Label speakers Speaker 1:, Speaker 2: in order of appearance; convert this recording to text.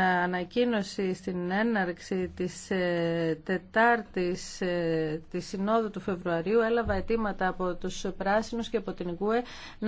Speaker 1: ανακοίνωση στην έναρξη της ε, Τετάρτης ε, της Συνόδου του Φεβρουαρίου έλαβα αιτήματα από τους Πράσινους και από την ΓΚΟΕ